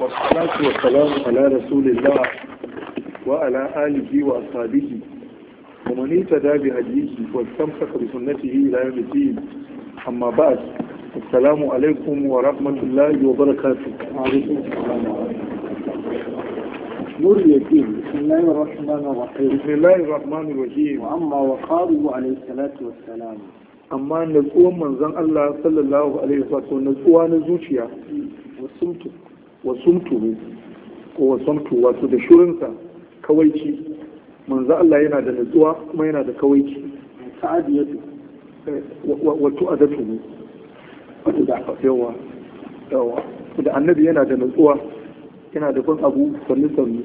والصلاة والسلام على رسول الله وعلى آله وأصحابه ومن اهتدى بهديه واستمسك بسنته إلى يوم الدين أما بعد السلام عليكم ورحمة الله وبركاته وعليكم السلام نور اليتيم بسم الله الرحمن الرحيم بسم الله الرحمن الرحيم وأما وقاله عليه الصلاة والسلام أما نزوم من زن الله صلى الله عليه وسلم نزوم نزوشيا وسمتك wa sumtuhu ko wa wato da shirinsa kawaici manzo Allah yana da nutsuwa kuma yana da kawaici ta'adiyatu eh, wa tu'adatu wato da yawa yawa da annabi yana da nutsuwa yana da bin abu sannu sannu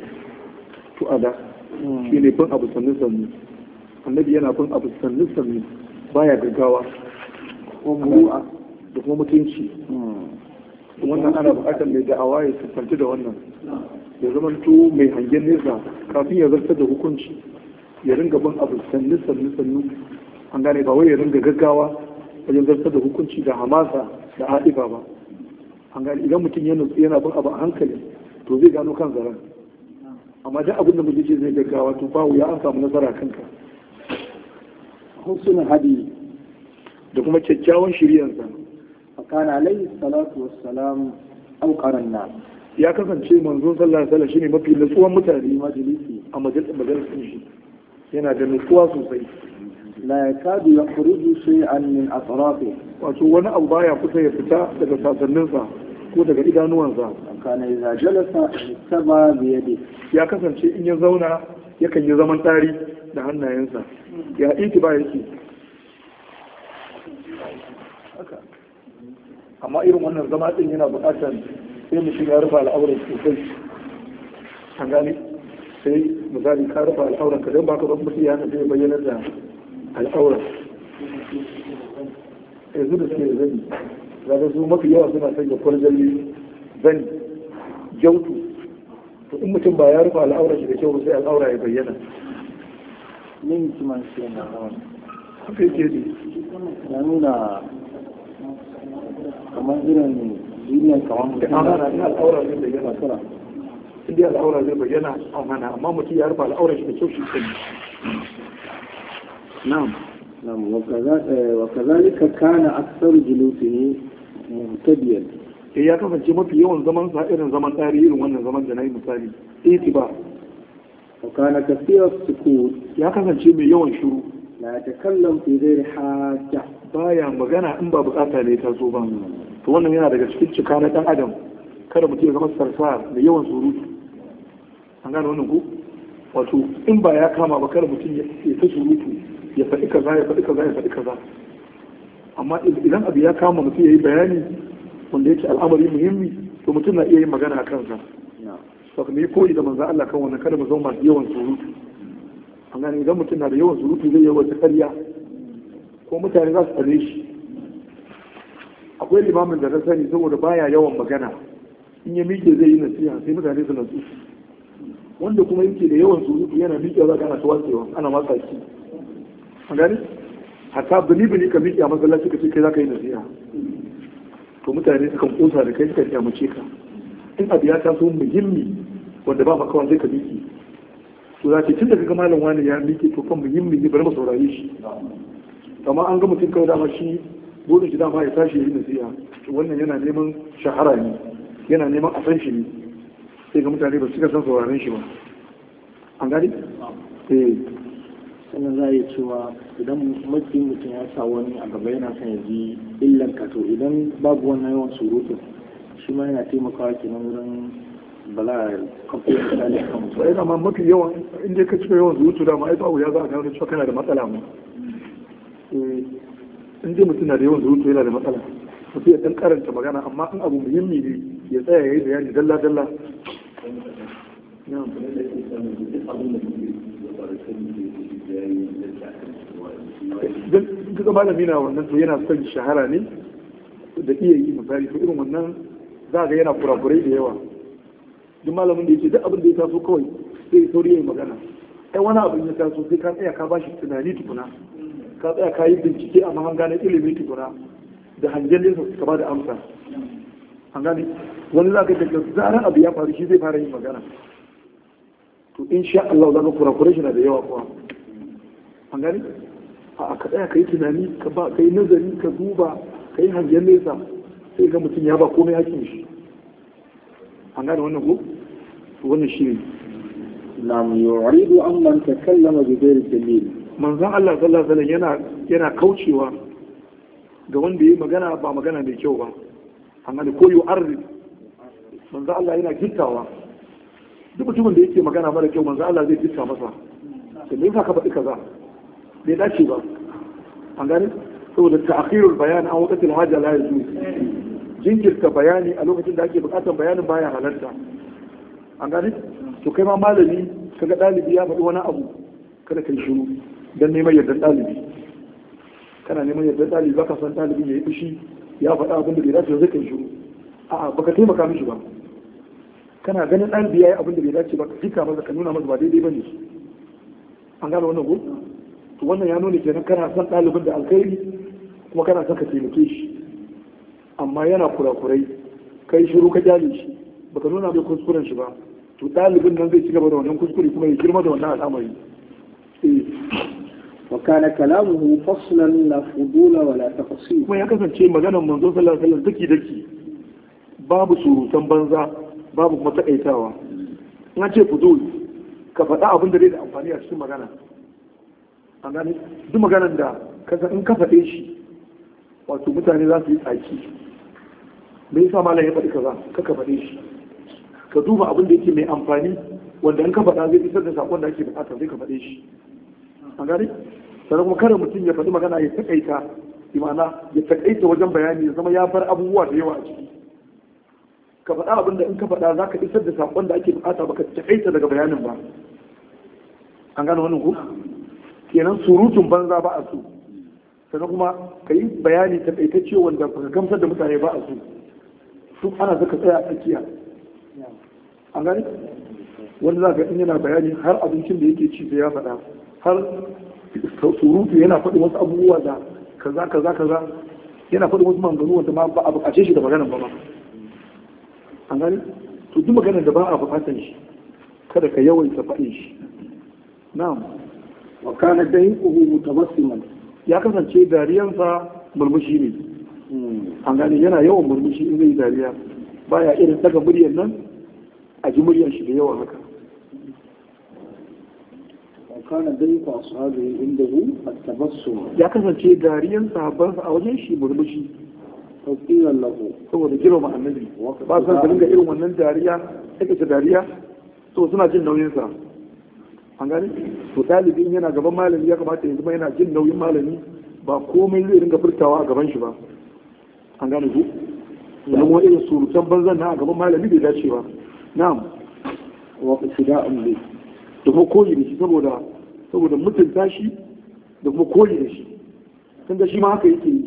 tu'ada shi ne bin abu sannu sannu annabi yana bin abu sannu sannu baya gaggawa da kuma mutunci hmm. wannan ana buƙatar mai da'awa ya siffanci da wannan ya zama to mai hangen nesa kafin ya zartar da hukunci ya ringa bin abu sannu sannu sannu an gane ba wai ya ringa gaggawa wajen zartar da hukunci da hamasa da haɗiba ba an gane idan mutum yana yana bin abu a hankali to zai gano kan zaren amma duk abin da mutum ce zai gaggawa to ba ya an samu nasara kanka husnul hadi da kuma kyakkyawan shiryansa kana alaihi salatu wassalam karan na ya kasance manzon sallallahu alaihi wasallam shine mafi nutsuwan mutane majalisi a majalisin shi yana da nutsuwa sosai la yakadu yakhruju shay'an min atrafi wato wani abu baya kusa ya fita daga sasanninsa ko daga idanuwansa kana idza jalasa ittaba bi yadi ya kasance in ya zauna yakan yi zaman tari da hannayensa ya itiba yake haka amma irin wannan zama din yana buƙatar sai mu shiga rufe al'auran sosai an gane sai misali ka rufe al'auran ka don ba ka ban mutu ya zai bayyana da al'auran yanzu da suke zani zaga su mafi yawa suna sanya kwarjali zani jautu to in mutum ba ya rufe al'auran shi da kyau sai al'aura ya bayyana ne mutum shi na hawa haka yake ne ya nuna kamar irin irin kamar da amana ina al'aura zai bayyana sana inda al'aura zai bayyana amana amma mutum ya rufe al'aura shi da kyau shi sani na'am na'am wa eh, kazalika kana aksar julusihi mubtadiyan eh ya kasance mafi yawan zaman sa irin zaman tarihi irin wannan zaman da nayi misali itiba wa kana kasiyar sukut ya kasance mai yawan shuru. la kallon fi ghairi hajja baya magana in ba bukata ne ta zo ba to wannan yana daga cikin cika na dan adam kada mutum ya zama sarfa da yawan surutu an gane wannan ku wato in ba ya kama ba kada mutum ya ta surutu ya faɗi kaza ya faɗi kaza ya faɗi kaza amma idan abu ya kama mutum ya yi bayani wanda yake al'amari muhimmi to mutum na iya yin magana a kansa to kuma yi koyi da manzo Allah kan wannan kada mu zama masu yawan surutu an gane idan mutum na da yawan surutu zai yi wata ƙarya ko mutane za su tsare shi akwai limamin da na sani saboda baya yawan magana in ya miƙe zai yi nasiha sai mutane su nasu wanda kuma yake da yawan surutu yana miƙe za ka ana tuwatsewa ana matsa shi a gani hatta bini bini ka miƙe a masallaci ka ce kai za ka yi nasiha to mutane sukan kosa da kai suka kyamace ka in abu ya taso muhimmi wanda ba makawa zai ka miƙe to za ce tun daga malam wani ya miƙe to kan muhimmi ne bari mu saurare shi kamar an ga mutum kawai dama shi burin shi dama ya tashi yi nasiha wannan yana neman shahara ne yana neman a san shi ne sai ga mutane ba su san sauraron shi ba an gani? eh sannan za a yi cewa idan mutum mutum ya sa wani a gaba yana son ya ji illan ka to idan babu wannan yawan surutu shi ma yana taimakawa kenan wurin bala kafin misali kan mutum. Ba yana ma mafi yawan inda ka cika yawan surutu dama ai babu ya za a gano cewa kana da matsala mu. Eh, in ji mutum na da yawan zuwa yana da matsala mutum ya dan karanta magana amma in abu muhimmi ne ya tsaya ya yi bayani dalla dalla idan da malami na wannan to yana son shahara ne da iya yi misali to irin wannan za ga yana kurakurai da yawa duk malamin da yake duk abin da ya taso kawai sai sauri ya yi magana ai wani abin ya taso sai ka tsaya ka bashi tunani tukuna ka tsaya ka yi bincike a mahanga na ilimi tukuna da hangen nesa ka ba da amsa an gane wani za ka daga zarar abu ya faru shi zai fara yin magana to in sha Allah za ka kura kura shi na da yawa kuwa an gane a ka tsaya ka yi tunani ka ba ka yi nazari ka duba ka yi hangen nesa sai ga mutum ya ba komai hakin shi an gane wannan ko wannan shi ne nam yuridu amman takallama da zai dalil manzan Allah sallallahu alaihi yana yana kaucewa ga wanda yi magana ba magana mai kyau ba amma da koyo arzi manzan Allah yana gittawa duk mutumin da yake magana mara kyau manzan Allah zai gitta masa da me yasa ka faɗi kaza bai dace ba an gane saboda ta'khirul bayan an waqtil haja la yajuz jinkirta bayani a lokacin da ake bukatar bayanin baya halarta an gane to kai ma malami kaga ɗalibi ya faɗi wani abu kada kai shiru don neman yadda ɗalibi kana neman yardar ɗalibi baka san ɗalibin ya yi fushi ya faɗa abin da bai dace zai kai shiru a'a baka taimaka mishi ba kana ganin ɗalibi ya yi abin da bai dace ba ka jika masa ka nuna masa ba daidai ba ne an gane wannan ko to wannan ya nuna kenan kana son ɗalibin da alkhairi kuma kana son ka taimake shi amma yana kurakurai kai shiru ka kyale shi baka nuna mai kuskuren shi ba to ɗalibin nan zai ci gaba da wannan kuskure kuma ya girma da wannan al'amari eh. وكان كلامه فصلا لا فضول ولا تفصيل ما يكفن شيء مغانا منذ صلى الله عليه وسلم دكي دكي باب سروتان بنزا باب na ce fudul ka faɗa abin da zai da amfani a cikin magana an gane duk maganar da kasa in ka faɗe wato mutane za su yi tsaki me yasa malam ya faɗi kaza ka ka faɗe ka duba abin da yake mai amfani wanda in ka faɗa zai isar da sakon da ake bukata sai ka faɗe shi an gane sannan kuma kare mutum ya faɗi magana ya taƙaita imana ya taƙaita wajen bayani ya zama ya bar abubuwa da yawa a ciki ka faɗa abin da in ka faɗa za ka isar da saƙon da ake buƙata ba ka taƙaita daga bayanin ba an gane wannan ku kenan surutun banza ba a so sannan kuma ka yi bayani taƙaitacce wanda ba ka gamsar da mutane ba a so su ana zaka tsaya a tsakiya an gane wanda za ka in yana bayani har abincin da yake ci da ya faɗa har surutu yana faɗi wasu abubuwa da kaza kaza kaza yana faɗi wasu maganganu wanda ma ba a buƙace shi da magana ba ma an gani to duk maganar da ba a buƙatar shi kada ka yawaita faɗin shi na'am wa kana dahiquhu mutabassiman ya kasance dariyansa murmushi ne hmm. an gani yana yawan murmushi in zai dariya baya irin daga muryar nan a ji muryar shi da yawa haka وكان ضيق أصحابه عنده التبسم يا كسر شيء داريا صحابان أوجه شيء مرمشي توقيلا له هو رجل مع النبي بعض الناس بلنجا إيرو من داريا إيكا داريا سو سنا جن نوين سا an gane to ɗalibin yana gaban malami ya kamata yanzu zama yana jin nauyin malami ba komai zai ringa furtawa a gaban shi ba an gane ku idan wani irin surutan banzan na a gaban malami bai dace ba na'am wa qitida'un bi da kuma koyi da shi saboda saboda mutunta shi da kuma koyi da shi sun da shi ma haka yake yi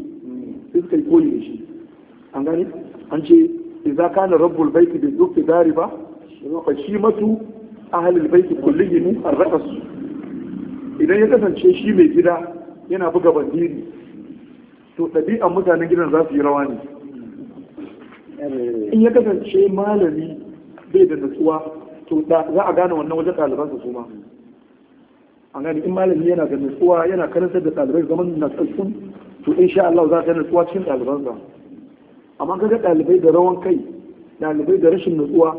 sai suka yi koyi da shi an gani an ce idza kana rabbul baiti bi dhukri dari ba fa shi matu ahlul baiti kullihim arqas idan ya kasance shi mai gida yana buga bandiri to ɗabi'an mutanen gidan za su yi rawa ne in ya kasance malami bai da nutsuwa to za a gane wannan wajen ɗaliban su ma an gani in malami yana da nutsuwa yana karantar da ɗalibai zaman na natsatsun to in sha Allah za ta nutsuwa cikin ɗaliban sa amma kaga ɗalibai da rawan kai ɗalibai da rashin nutsuwa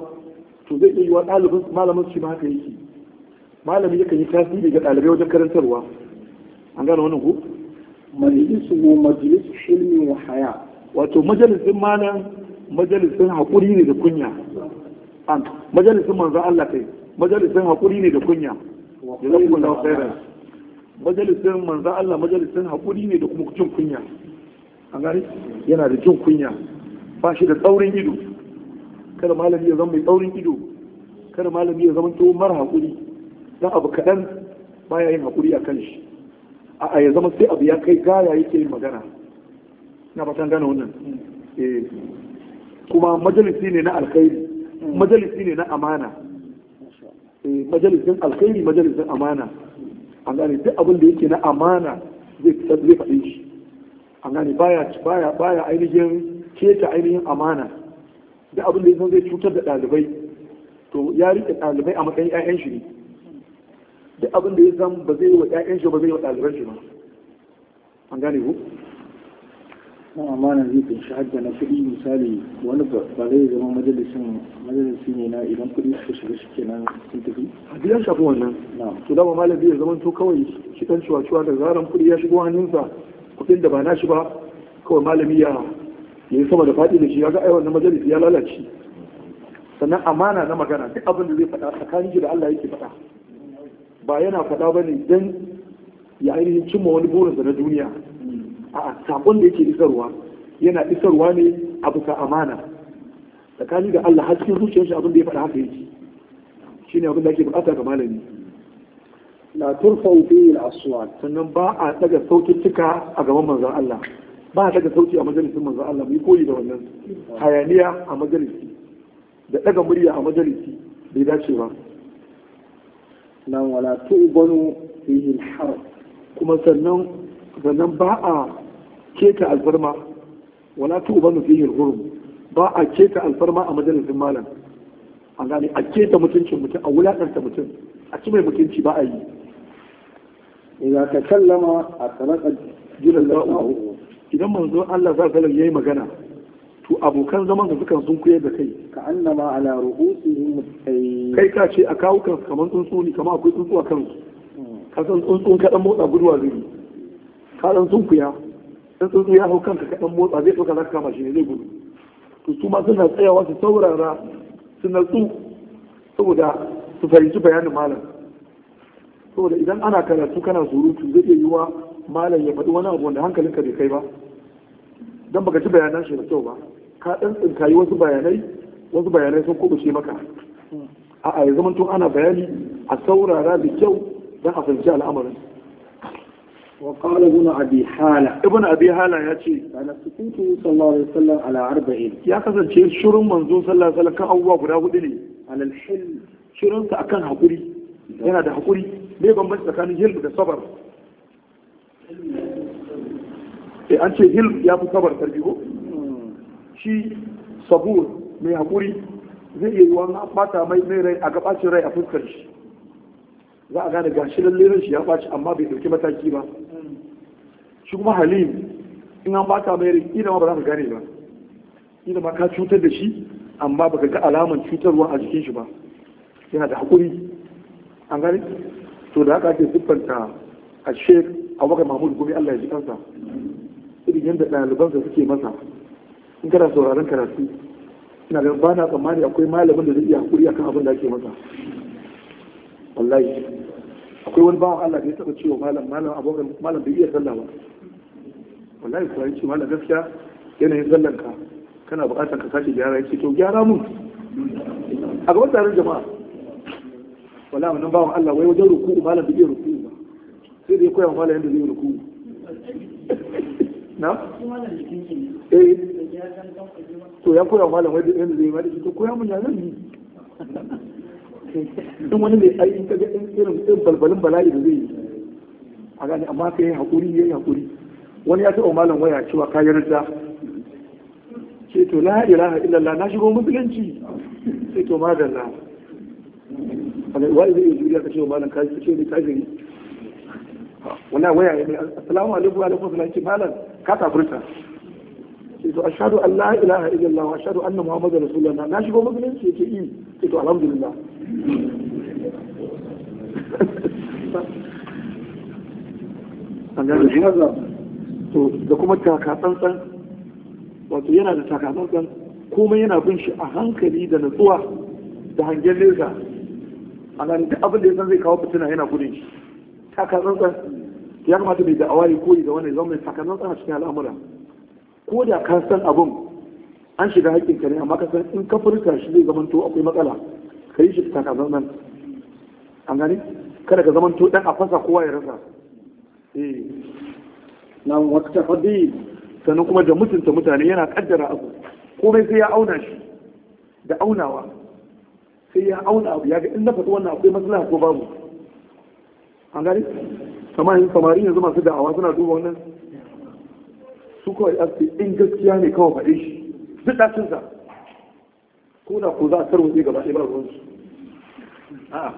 to zai iya yiwa ɗalibin malamin shi ma haka yake malami yakan yi tasiri ga ɗalibai wajen karantarwa an gane wannan ko majalisu majalis ilmi wa haya wato majalisin malam majalisin haƙuri ne da kunya an majalisin manzo Allah kai majalisin hakuri ne da kunya jazakumullahu khairan majalisin manzo Allah majalisin hakuri ne da kuma jin kunya an gani yana da jin kunya ba shi da tsaurin ido kada malami ya zama mai tsaurin ido kada malami ya zama to mara hakuri dan abu kadan baya yin hakuri akan shi a ya zama sai abu ya kai gaya yake yin magana na batan gane wannan eh. kuma majalisi ne na alkhairi majalisi ne na amana eh, majalisin alkhairi majalisin amana an gane duk abin da yake na amana zai zai faɗi shi an gane baya baya baya ainihin keta ainihin amana duk abin da yake zai cutar da ɗalibai to ya rike ɗalibai a matsayin ƴaƴan shi ne duk abin da ya zan ba zai yi wa ƴaƴan shi ba zai yi wa ɗalibai shi ba an gane ku kan amana zai kunshi hadda na kuɗi misali wani ba zai zama majalisin majalisi ne na idan kuɗi suka shiga shi kenan sun tafi a biyan shafi wannan to dama malami ya zama to kawai shi dan ciwa da zaran kuɗi ya shigo hannunsa kuɗin da ba nashi ba kawai malami ya yi sama da faɗi da shi ya ga ai wannan majalisi ya lalace sannan amana na magana duk abin da zai faɗa tsakanin shi da Allah yake faɗa ba yana faɗa bane dan ya ainihin cimma wani burinsa na duniya a sakon da yake isarwa yana isarwa ne a bisa amana tsakani da Allah har cikin zuciyar shi abin da ya faɗa haka yake ne abin da ake bukata ga malami la turfa'u fihi al-aswat sannan ba a daga saututtuka a gaban manzon Allah ba a daga sauti a majalisin manzon Allah mu koyi da wannan hayaniya a majalisi da daga murya a majalisi bai dace ba nan wala tu'banu fihi al-harb kuma sannan sannan ba a keta alfarma wala ubanu fihi alghurub ba a keta alfarma a majalisin malam an gane a keta mutuncin mutum a wulaƙanta mutum a ci mai mutunci ba a yi idza takallama a saraka jiran lahu idan manzo Allah za ya yayi magana to abokan zaman da sukan sun kuyar da kai ka annama ala ru'usihim kai ka ce a kawo kan kamar tsuntsu ne kamar akwai tsuntsu a kansu hmm. ka san tsuntsun kaɗan motsa gudu zai ka san sun in tsuntsu ya hau kanka kaɗan motsa zai ɗauka za ka kama shi ne zai gudu to su ma suna tsayawa su saurara su natsu saboda su fahimci bayanin malam saboda idan ana karatu kana surutu zai iya yiwa malam ya faɗi wani abu wanda hankalinka bai kai ba dan baka ci bayanan shi da kyau ba ka ɗan tsinkayi wasu bayanai wasu bayanai sun kubuce maka a'a ya zama tun ana bayani a saurara da kyau don a fahimci al'amarin وقال ابن ابي حاله ابن ابي حاله يا انا سكوت صلى الله عليه وسلم على أربعين يا كذا شيء شر صلى الله عليه وسلم كان اوا غدا غدني على الحل شر اكن حقري yana da hakuri ne ban tsakanin hilm da sabar e an ce hilm ya fi sabar tarbi shi sabur mai hakuri zai yi wani bata mai mai rai a gabacin rai a fuskar shi za a gane gashi lallai shi ya baci amma bai dauki mataki ba shi kuma halim in an baka mai rai ina ma ba za ka gane ba ina ma ka cutar da shi amma ba ka ga alaman cutarwa a jikin shi ba yana da haƙuri an gane to da haka ake siffanta a shek a abubakar mahmud gobe allah ya ji kansa irin yadda ɗalibansa suke masa in kana sauraron karatu ina da, ba na tsammani akwai malamin da zai iya haƙuri akan abin da ake masa wallahi akwai wani bawan allah da ya taɓa cewa malam malam abokan malam bai iya sallah ba wallahi kuwa yace mallam gaskiya yanayin zallan ka kana buƙatar ka sake gyara yace to gyara mun a gaban taron jama'a wallahi nan bawo Allah wai wajen ruku'u mallam bai ruku'u ba sai dai koya mallan yadda zai ruku'u na eh to ya koya mallan wai yadda zai yi to koya mun yanzu ne? don in wani mai aiki ga irin irin balbalin bala'i da zai yi a gani amma kai hakuri yayi hakuri wani ya taɓa malam waya cewa ka yarda ce to la ilaha illallah na shigo musulunci ce to madalla wa idan yanzu ya kace malam ka ce ni kafiri wala waya ya ne assalamu alaikum wa alaikum assalam ce malam ka kafirta ce to ashhadu an la ilaha illallah wa ashhadu anna muhammadar rasulullah na shigo musulunci ce i eh. ce to alhamdulillah an gane to da kuma takatsantsan wato yana da takatsantsan kuma yana bin shi a hankali da natsuwa da hangen leza a nan duk abin da ya san zai kawo fitina yana gudun shi takatsantsan ya kamata mai da awari koyi da wani zama mai takatsantsan a cikin al'amura ko da ka san abin an shiga haƙƙin ka ne amma ka san in ka furta shi zai to akwai matsala ka yi shi takatsantsan an gani kada ka to dan a fasa kowa ya rasa eh Na wata fadi sannan kuma da mutunta mutane yana kaddara abu komai sai ya auna shi da aunawa sai ya auna abu ya ga in na faɗi wannan akwai maslaha ko babu an gani kamar samari yanzu masu da'awa suna duba wannan su kawai a ce in gaskiya ne kawai faɗi shi duk ɗacin sa ko da ko za a tarwatsi gaba ɗaya ba ruwansu a'a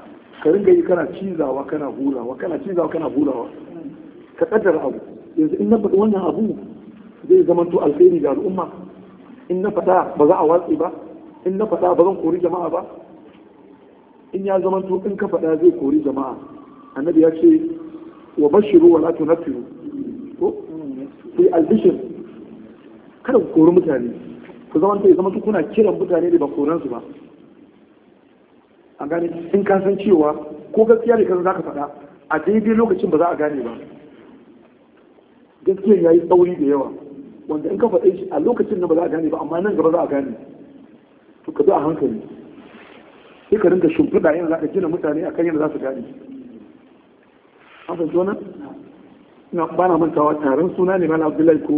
ka ringa yi kana cizawa kana hurawa kana cizawa kana hurawa ka kaddara abu yanzu in na faɗi wannan abu zai zama to alheri ga al'umma in na fata ba za a watsi ba in na fata ba zan kori jama'a ba in ya zama to in ka faɗa zai kori jama'a annabi ya ce wa bashiru wa la tunfiru ko sai albishir kada ku kori mutane ku zama to ya zama kuna kiran mutane da ba koran su ba a gane in ka san cewa ko gaskiya ne kan za ka faɗa a daidai lokacin ba za a gane ba ya yi tsauri da yawa wanda in ka faɗe shi a lokacin da ba za a gane ba amma nan gaba za a gane to ka zo a hankali sai ka rinka shimfiɗa yana za ka gina mutane a kan yadda za su gane an fahimci wannan ina ba na mantawa taron suna ne malam abdullahi ko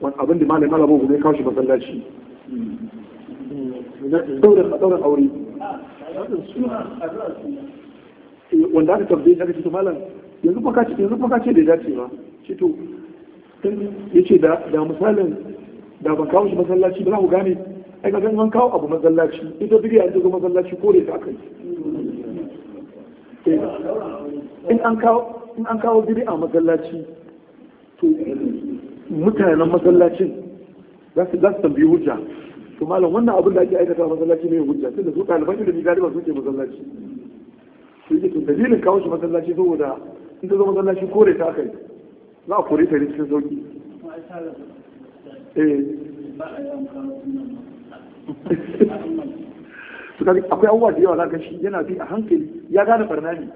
wani abin da malam malam abu ya kawo shi masallaci ɗaurin aure eh, wanda aka tambaye shi aka ce malam yanzu fa kace yanzu fa kace dace ba ce ya ce da misalin da ban kawo shi masallaci ba za ku gane ai ga an kawo abu masallaci ita bidiya ta zo masallaci kore ta aka kai. Eh, in an kawo in an kawo masallaci to mutanen masallacin za su tambayi hujja to malam wannan abin da ake aikata a masallaci ne hujja tunda su ɗaliban ilimi galiba suke masallaci su yi to dalilin kawo shi masallaci saboda in ta zo masallaci kore ta kai za a kore ta ne cikin sauki eh. akwai abubuwa da yawa za ka shi yana bi a hankali ya gane barna ne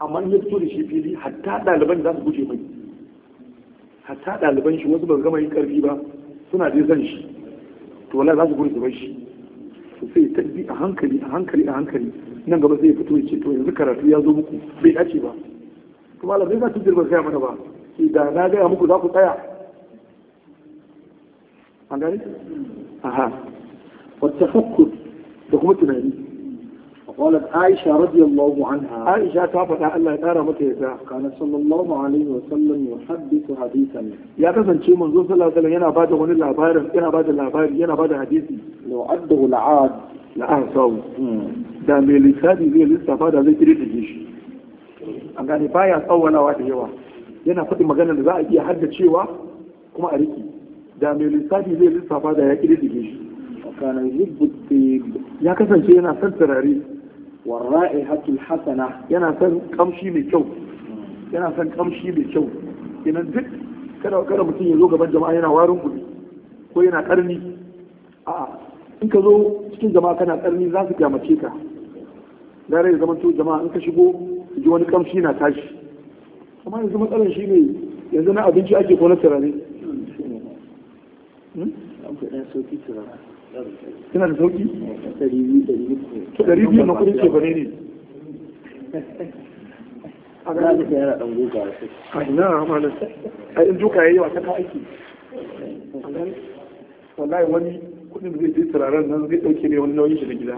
amma ya fito da shi fili hatta ɗaliban za su guje mai hatta ɗaliban shi wasu ba su gama yin ƙarfi ba suna dai zan shi to wala za su gudu zubar shi sai ta bi a hankali a hankali a hankali nan gaba sai ya fito ya ce to yanzu karatu ya zo muku bai dace ba kuma malam zai za su jirgin gaya mana ba ki da na gaya muku za ku tsaya aisha radiyallahu anha aisha ta faɗa Allah ya ƙara mata yadda kana sallallahu ya kasance manzo sallallahu alaihi yana bada wani labarin yana bada labari yana bada hadisi law addu al'ad la'an hmm. da mai lissafi zai lissafa da zai kiri da shi an gani baya tsawwalawa da yawa yana faɗi magana da za a iya cewa kuma a riki da mai lissafi zai lissafa da ya da shi ya kasance yana son turare warra'i hatul hasana yana son kamshi mai kyau yana son kamshi mai kyau kenan duk kada kada mutum ya zo gaban jama'a yana warin gudu ko yana karni a in ka zo cikin jama'a kana karni za su kyamace ka dare ya zama to jama'a in ka shigo ji wani kamshi na tashi amma yanzu matsalar shi ne yanzu na abinci ake ko na turare suna hmm? da sauki? ɗari biyu na kudin ke bane ne a ga da yana ɗan goga a ina malam a in duka yayi wata ka aiki wallahi wani kudin da zai je turaren nan zai ɗauke ne wani nauyin shi na gida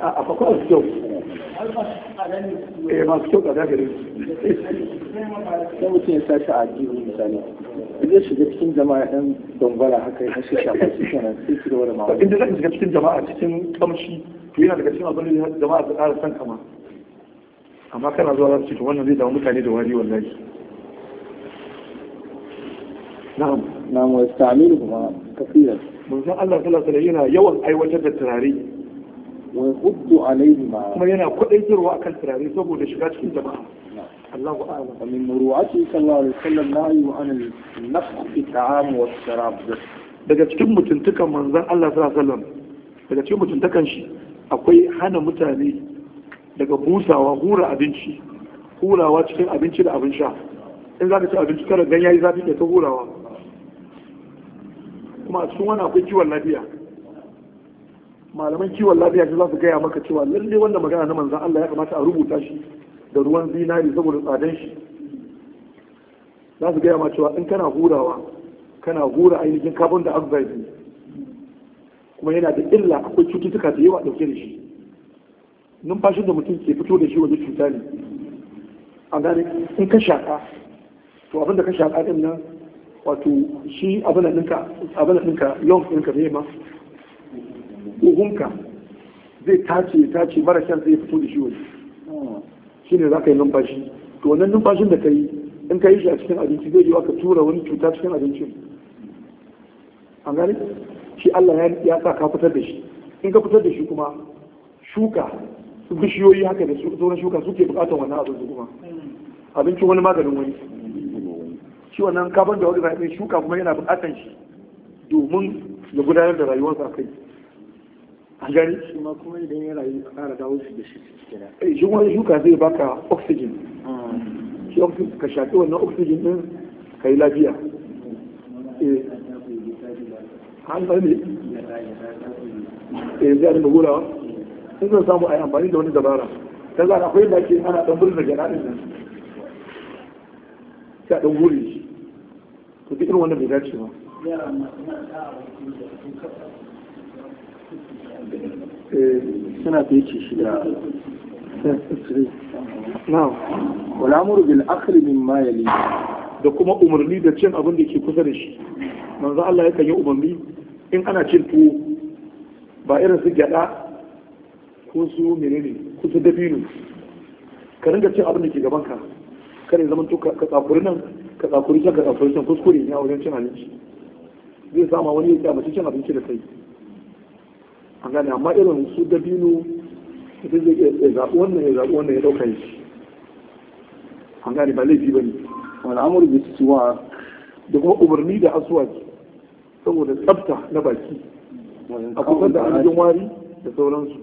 a bakwai masu kyau eh masu kyau ga gagare sai mutum ya sashi a jihu misali zai shiga cikin jama'a yan dangwara haka ya shi shafa su kenan sai su gaba da mawa inda zaka shiga cikin jama'a cikin kamshi to yana daga cikin abin da jama'a ta ƙara san kama amma kana zuwa za su wannan zai damu mutane da wari wallahi na'am na'am wa istamilu kuma kafiran manzon Allah sallallahu alaihi yana yawan aiwatar da turare wa yuddu alaihi ma kuma yana kwadaitarwa akan turare saboda shiga cikin jama'a Allahu a'lam min muru'ati sallallahu alaihi wasallam nahi wa nafs fi ta'am wa sharab daga cikin mutuntukan manzon Allah sallallahu alaihi wasallam daga cikin mutuntukan shi akwai hana mutane daga busawa hura abinci hurawa cikin abinci da abin sha in za ka ci abinci kada gan yayi zafi ka ta hurawa kuma sun akwai kiwon lafiya malaman kiwon lafiya za su gaya maka cewa lalle wanda magana na manzan Allah ya kamata a rubuta shi da ruwan zinari saboda tsadan shi za su gaya ma cewa in kana hurawa kana hura ainihin carbon dioxide kuma yana da illa akwai cututtuka da yawa ɗauke da shi numfashin da mutum ke fito da shi waje cuta ne a gane in ka shaƙa to abin da ka shaƙa din nan wato shi abinan da ɗinka abin da ɗinka long ne ma hukunka zai tace tace mara shan zai fito da shi wani shi ne za ka yi numfashi to wannan numfashin da ka yi in ka yi shi a cikin abinci zai yi ka tura wani cuta cikin abincin an gani shi Allah ya sa ka fitar da shi in ka fitar da shi kuma shuka bishiyoyi haka da sauran shuka suke bukatar wannan abin kuma abincin wani maganin wani shi wannan da wani ɗin shuka kuma yana buƙatar shi domin ya gudanar da rayuwar sa kai a gani shi ma kuma idan ya rayu a kara dawo shi da shi kenan eh shi wani shuka zai baka oxygen hmm. shi oxygen ka shaƙi wannan oxygen ɗin ka yi lafiya hmm. eh an sani eh zai da gulawa hmm. sun zan samu a yi amfani da wani dabara ta zara akwai da ke ana ɗan birnin da gyaɗa nan sai a ɗan wuri shi to duk irin wannan bai dace ba eh, suna yake shi da na'am wal amuru bil akhri ma yali da kuma umarni da cin abin da ke kusa da shi manzo Allah yakan yi umarni in ana cin tuwo ba irin su gyada ko su menene kusa dabino ka ringa cin abin da ke gaban ka kare zaman to ka tsakuri nan ka tsakuri can ka tsakuri can kuskure ne a wajen cin abinci zai sama wani yake abinci cin abinci da kai an gane amma irin su dabino ita zai iya zaɓi wannan ya zaɓi wannan ya ɗauka shi an gane ba laifi ba ne al'amur bi suwa da kuma umarni da aswaki saboda tsafta na baki a kusan da ainihin wari da sauransu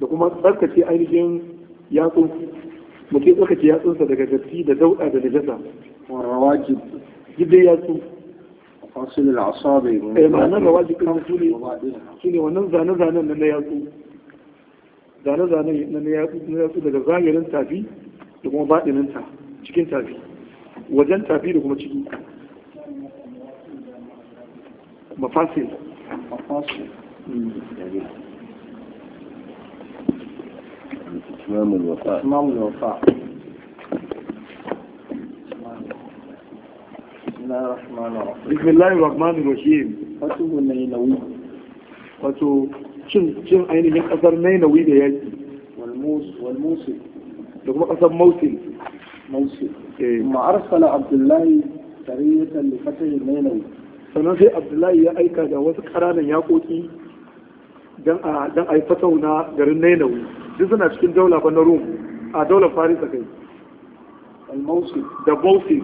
da kuma tsarkace ainihin yatsun mutum tsaka tsarkake yatsunsa daga datti da dauɗa da najasa rawaki Jirgin yatsu fasil al'asabi eh ma'anar rawaki kan su ne su ne wannan zane-zanen na yatsu zane-zane na yatsu daga zahirin tafi da kuma baɗinin ta cikin tafi wajen tafi da kuma ciki mafasil mafasil hmm. اسمام الوفاء اسمام الوفاء بسم الله الرحمن الرحيم فتو نينوي فتو شن شن اين من اثر نينوي ده يجي والموس والموسم لكم اثر موسم موسم إيه. ثم ارسل عبد الله سرية لفتح نينوي سنفي عبد الله يا ايكا جاوز قرانا يا قوتي دن آه، اي فتونا غير نينوي duk suna cikin daula ba na rum a daular farisa kai al-mawsi da mawsi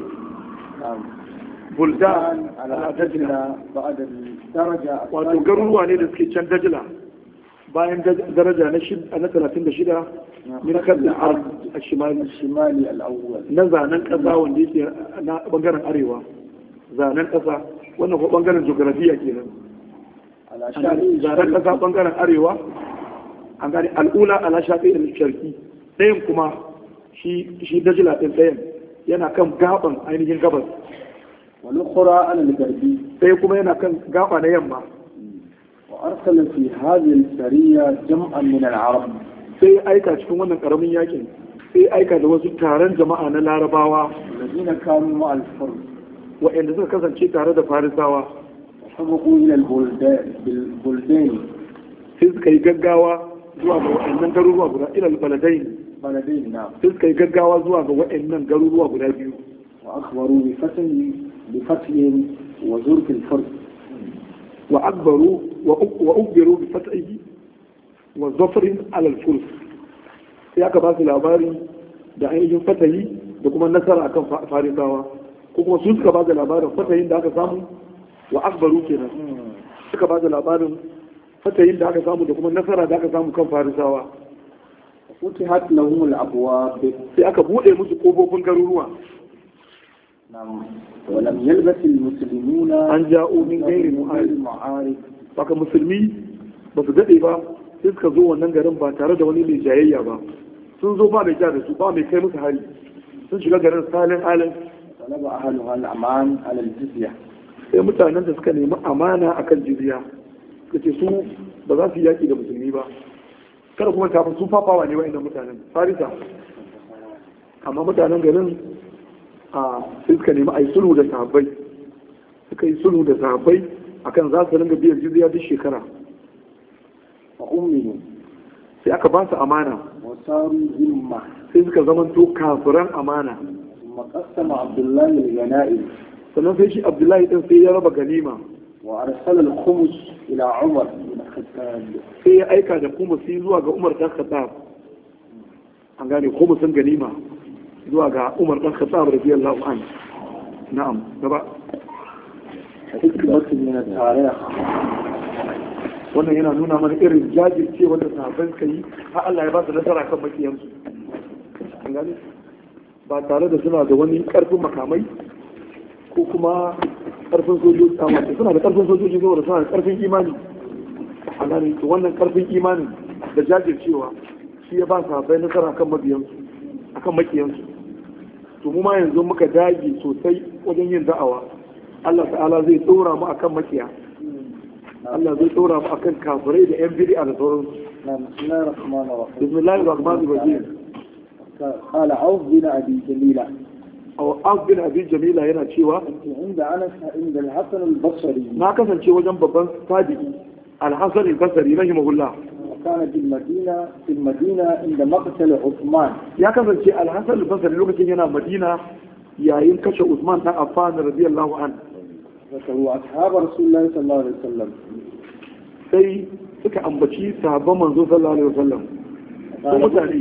buldan al-dajla ba'd daraja wato garuruwa ne da suke can dajla bayan daraja na shida na 36 min kan al shimali shimali al-awwal na zanen kasa wanda yake na bangaren arewa zanen kasa wannan ko bangaren geografiya kenan zanen kasa bangaren arewa an gane al'ula ala shafi da sharki ɗayan kuma shi dajila ɗin ɗayan yana kan gaban ainihin gabas wani kura ala garbi ɗaya kuma yana kan gaba na yamma wa arsala fi hadhihi sariya jam'an min al-arab sai aika cikin wannan karamin yakin sai aika da wasu taron jama'a na larabawa ladina kanu ma al-furs wa inda suka kasance tare da farisawa sabu ila al-buldain sai suka yi gaggawa zuwa ga wa'annan garuruwa guda ilal baladain baladain na suka gaggawa zuwa ga wa'annan garuruwa guda biyu wa akbaru bi fatin bi fatin wa al fard wa akbaru wa ubiru bi fatihi wa zafrin alal furs sai aka ba su labari da ainihin fatahi da kuma nasara akan farisawa ko kuma su suka ba da labarin fatahin da aka samu wa akbaru kenan hmm. suka ba da labarin fatayin da aka samu da kuma nasara da aka samu kan farisawa futihat lahum al-abwab sai aka bude musu kofofin garuruwa An يلبس المسلمون أن جاءوا من غير baka musulmi ba su daɗe ba sai suka zo wannan garin ba tare da wani mai jayayya ba sun zo ba mai ja da su ba mai kai musu hari sun shiga garin salin alin talaba ahalu hal aman alal jizya sai mutanen da suka nemi amana akan jizya suka ce su ba za su yi yaƙi da musulmi ba kada kuma tafi su fafawa ne wa'in mutanen farisa amma mutanen garin a iska suka nemi a yi sulhu da sahabbai suka yi sulhu da sahabbai kan za su ringa biyan jizya duk shekara a ummi sai aka ba su amana sai suka to kafiran amana maqassama abdullahi al-ghana'im sannan sai shi abdullahi din sai ya raba ganima وارسل الخمس الى عمر بن الخطاب في أيكا تقوم في ga عمر بن الخطاب an gane ko san zuwa ga umar ɗan khattab radiyallahu an na'am gaba wannan yana nuna mana irin jajirce wanda sahabban ka yi har Allah ya ba su nasara kan makiyansu an gane ba tare da suna da wani karfin makamai ko kuma karfin sojoji a wato suna da karfin sojoji saboda suna da karfin imani a nan to wannan karfin imanin da jajircewa shi ya ba sahabbai nasara akan mabiyansu akan makiyansu to mu ma yanzu muka dage sosai wajen yin da'awa Allah ta'ala zai tsora mu akan makiya Allah zai tsora mu akan kafirai da yan bid'a da sauransu bismillahir rahmanir rahim bismillahir rahmanir rahim قال عوف بن ابي جميله Awaf bin Abi Jamila yana cewa inda Anas inda na kasance wajen babban tabi'i Al-Hasan al-Basri rahimahullah kana ya kasance Al-Hasan al-Basri lokacin yana Madina yayin kashe Uthman dan Affan radiyallahu an zakaru sai suka ambaci sahabban manzo sallallahu alaihi wasallam mutane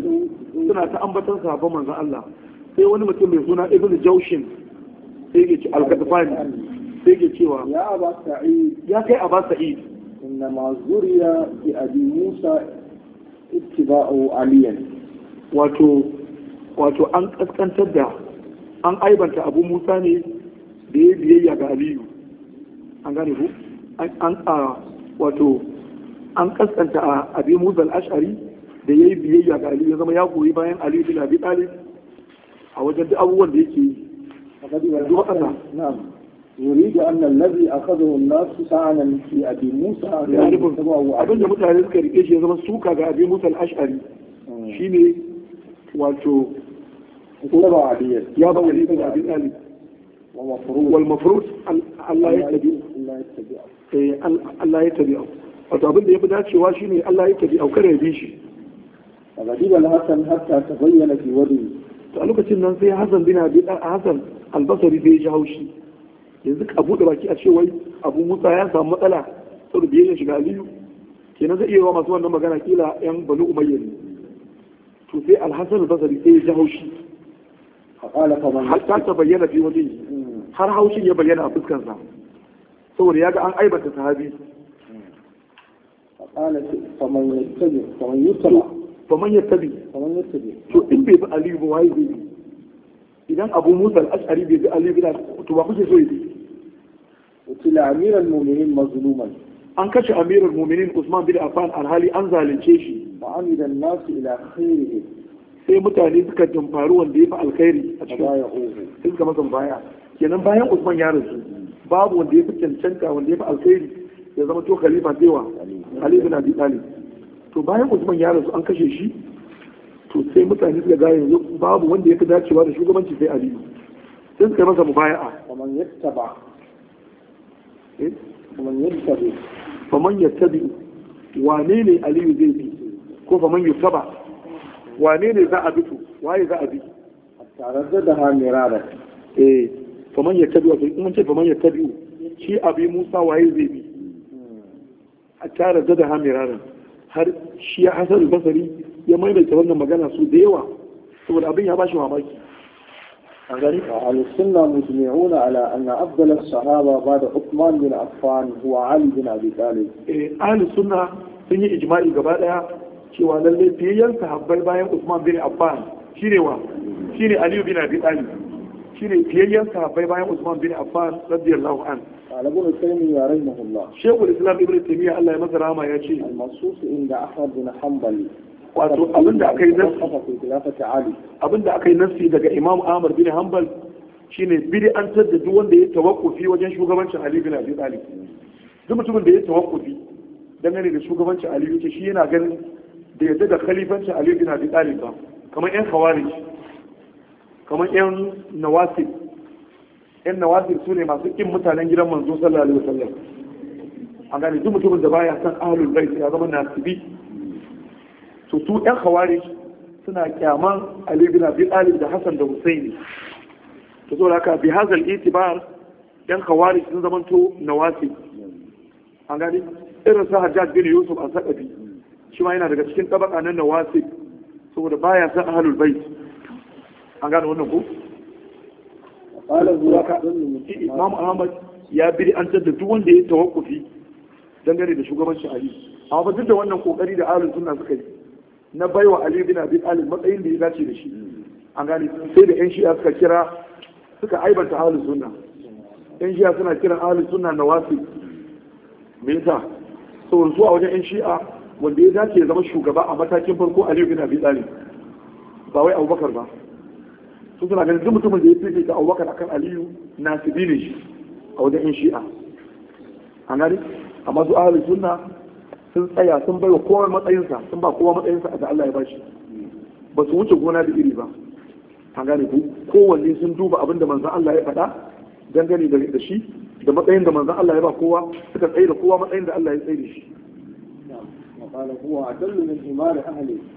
suna ta ambatan sahabban manzo Allah sai wani mutum mai suna ibn jaushin sai ke ce alkatafani sai ke cewa ya aba sa'id ya kai aba sa'id inna ma zuriya bi abi musa ittiba'u aliyan wato wato an kaskantar da an aibanta abu musa ne da ya biyayya ga aliyu an gane ku an a wato an kaskanta a abi musa al-ash'ari da ya yi biyayya ga aliyu zama ya goyi bayan aliyu bin abi talib a wajen duk abubuwan da yake yi duk waɗannan na'am يريد أن الذي أخذه الناس سعنا في أبي موسى mutane suka rike shi ya zama suka ga abi musa al-ash'ari mm. shine wato ya ba ali bin abi talib wal Allah ya tabi eh Allah ya tabi wato abin da ya fi dacewa shine Allah ya bi shi to a lokacin nan sai Hassan bin Abi Hassan Al-Basri sai ya ji haushi yanzu ka bude baki a ce wai Abu Musa ya samu matsala saboda biye shiga Aliyu kenan zai iya wa masu wannan magana kila yan Banu Umayya ne to sai alhasan albasari al sai ya ji haushi hatta ta bayyana fi wajen hmm. har haushin ya bayyana a fuskansa saboda ya ga an aibata sahabi فقالت فمن يتبع فمن يتبع faman ya tabi to in bai aliyu ba waye zai idan al bai bi aliyu ba so mu'minin an kashe amiral mu'minin usman bin affan alhali an zalunce shi ba nasu ila sai mutane suka jamfaru wanda ya fi alkhairi a cikin suka masa baya kenan bayan usman ya rasu babu wanda ya fi cancanta wanda ya fi alkhairi ya zama to khalifa cewa khalifa na bi to bayan usman ya rasu an kashe shi to sai mutane suka gane yanzu babu wanda ya fi dacewa da shugabanci sai aliyu sai suka masa mubaya'a faman yattaba eh? faman yattabi faman yattabi wane ne aliyu zai bi ko faman taba, wane ne za a bi to waye za a bi tare da ha mirara eh faman yattabi sai, kuma ce faman yattabi shi abi musa waye zai bi hmm. a tare da ha mirara har shi ya hasan basari ya maimaita wannan magana su da yawa saboda abin ya bashi mamaki an gani al-sunna mujmi'una ala anna afdal as ba da Uthman bin Affan huwa Ali bin Abi Talib eh al-sunna sun yi ijma'i gaba daya cewa lalle biyayyan sahabbai bayan Usman bin Affan shine wa shine Ali bin Abi Talib shine biyayyan sahabbai bayan Usman bin Affan radiyallahu anhu قال ابن تيمية رحمه الله شيخ الإسلام ابن تيمية الله يمزر عما يا شيخ المنصوص عند أحمد بن حنبل wato abinda aka yi nasi abinda aka yi nasi daga imam Ahmad bin hanbal shine an da duk wanda ya tawakkufi wajen shugabancin ali bin abi talib duk mutumin da ya tawakkufi dangane da shugabancin ali yace shi yana ganin da yadda da khalifancin ali bin abi talib ba kamar yan khawarij kamar yan nawasib yan nawasir su ne masu kin mutanen gidan manzo sallallahu alaihi wasallam an gane duk mutumin da baya san ahlul bait ya zama nasibi to su yan khawari suna kyaman ali bin abi talib da hasan da husaini to saboda haka bi hazal itibar yan khawari sun zamanto nawasib an gane irin sa hajjaj bin yusuf a sakabi shi ma yana daga cikin tabaka na nawasib saboda baya san ahlul bait an gane wannan ko zuwa qala zuraka shi imam ahmad ya bi an da duk wanda ya tawakkufi dangane da shugabancin ali amma duk da wannan kokari da ahlus sunna suka yi na baiwa ali bin abi talib matsayin da ya dace da shi an gane sai da yan shi'a suka kira suka aibanta ahlus sunna yan shi'a suna kiran ahlus sunna nawasi me yasa saboda zuwa wajen yan shi'a wanda ya dace ya zama shugaba a matakin farko ali bin abi talib ba wai abubakar ba su suna ganin duk mutumin da ya fifita abubakar akan aliyu na sibi ne shi a wajen yan shi'a a nari amma su ahalin suna sun tsaya sun bai wa kowa matsayinsa sun ba kowa matsayinsa a da Allah ya bashi ba su wuce gona da iri ba a gane ku kowanne sun duba abin da manzan Allah ya faɗa dangane da shi da matsayin da manzan Allah ya ba kowa suka tsaye da kowa matsayin da Allah ya tsaye da shi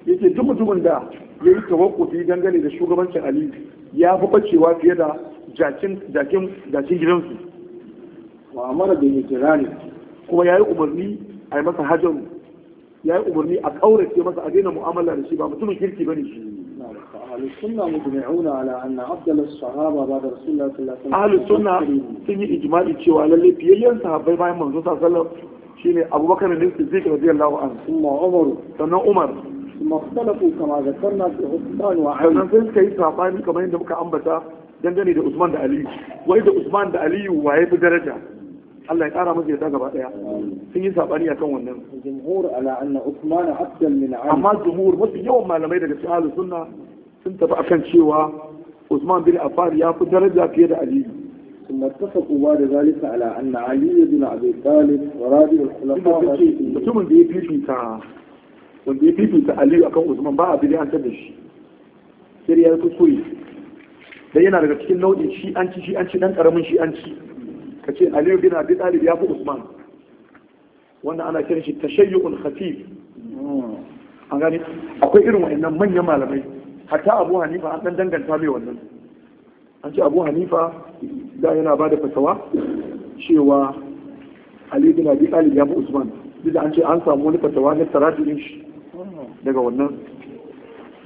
yake duk mutumin da ya yi tawakkufi dangane da shugabancin Aliyu. ya fi bacewa fiye da jakin gidansu wa amara da yi kirani kuma ya yi umarni a yi masa hajjaru ya yi umarni a kaurace masa a daina mu'amala da shi ba mutumin kirki ba ne shi ahalus sunna sun yi ijimaɗi cewa lalle fiyayyen sahabbai bayan manzo sallallahu alaihi wasallam shine abubakar ne zikr radiyallahu anhu sannan umar ما اختلفوا كما ذكرنا في عثمان وعلي sannan sai suka yi sabani kamar yadda muka ambata dangane da Usman da Aliyu wai da Usman da Aliyu waye fi daraja Allah ya kara musu yadda gaba daya sun yi sabani kan wannan jumhur ala anna Usman afdal min Ali amma jumhur mafi yawan malamai daga ahlus sunna sun tafi akan cewa Usman bin Affan ya fi daraja fiye da Aliyu ثم اتفقوا بعد ذلك على ان علي بن ابي طالب ورابع الخلفاء الراشدين. wanda ya fifita aliyu akan usman ba a bidi an da shi sai ya kuskure dan yana daga cikin nau'in shi an ci shi an ci dan karamin shi an ci ka ce aliyu bin abi talib ya fi usman wannan ana kiran shi tashayyu'un khafif an gani akwai irin wa'annan manyan malamai hatta abu hanifa an dan danganta mai wannan an ce abu hanifa da yana ba da fasawa cewa aliyu bin abi talib ya fi usman duk an ce an samu wani fasawa na tarafi shi daga wannan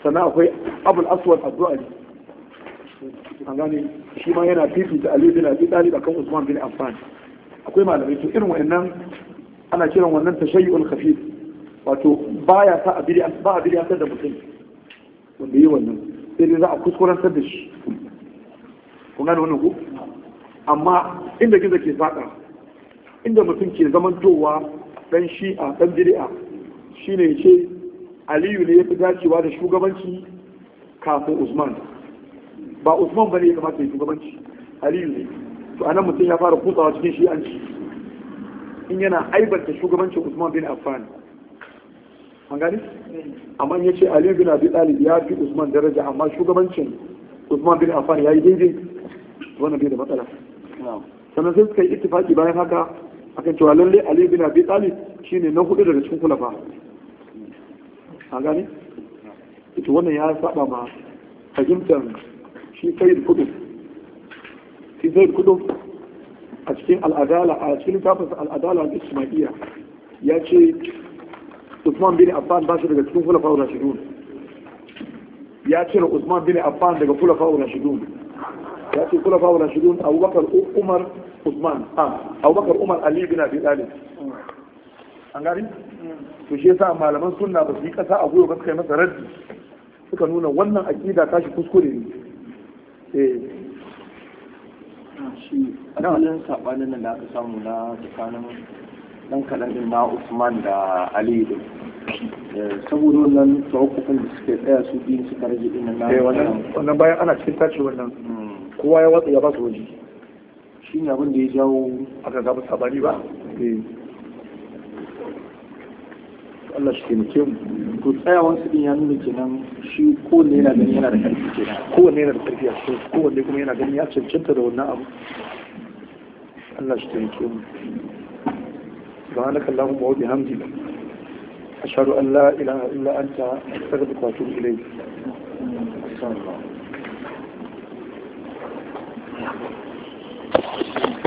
sannan akwai abul aswad addu'ali an gane shi ma yana fifita ali bin abi talib akan usman bin affan akwai malamai to irin wannan ana kiran wannan tashayyu'ul khafif wato baya sa abiri ba abiri an da mutum wanda yi wannan sai dai za a kuskurantar da shi kun gane wannan ku amma inda gizo ke fada inda mutum ke zamantowa dan shi'a dan bid'a shine ce aliyu ne ya fi dacewa da shugabanci kafin usman ba usman ba ne ya kamata ya shugabanci aliyu ne to anan mutum ya fara kutsawa cikin shi'anci in yana aibarta shugabancin usman bin affan an gani amma ya ce aliyu bin abi talib ya fi usman daraja amma shugabancin usman bin affan ya yi daidai wannan bai da matsala sannan sai suka yi ittifaki bayan haka akan cewa lalle aliyu bin abi talib shine na hudu daga cikin kulafa a gani ita wannan ya saba ma fahimtar shi sai da kudu shi sai da kudu a cikin al'adala a cikin littafinsa al'adala da ismaiya ya ce usman bin affan ba shi daga cikin kula fa'ura shidun ya ce na usman bin affan daga kula fa'ura shidun ya ce kula fa'ura shidun abubakar umar usman ah, abubakar umar ali bin abi talib an gari to shi yasa malaman sunna ba su yi kasa a goyo ba suka yi masa raddi suka nuna wannan aqida tashi kuskure ne eh ah, shi asalin sabanin nan da aka samu na tsakanin dan kadan din na Usman da Ali da eh, saboda wannan tawakufin da suke tsaya su biyu suka rage din eh wannan bayan ana cikin tace wannan hmm. kowa ya watsa ya ba su waje shi ne abin da ya jawo aka gaba sabani ba hmm. eh Allah shi taimake mu to tsayawan su din ya nuna kenan shi kowanne yana ganin yana da karfi kenan kowanne yana da karfi a cikin kowanne kuma yana ganin ya cancanta da wannan abu Allah shi taimake mu سبحانك اللهم وبحمدك أشهد أن لا إله إلا أنت أستغفرك وأتوب إليك السلام ilai.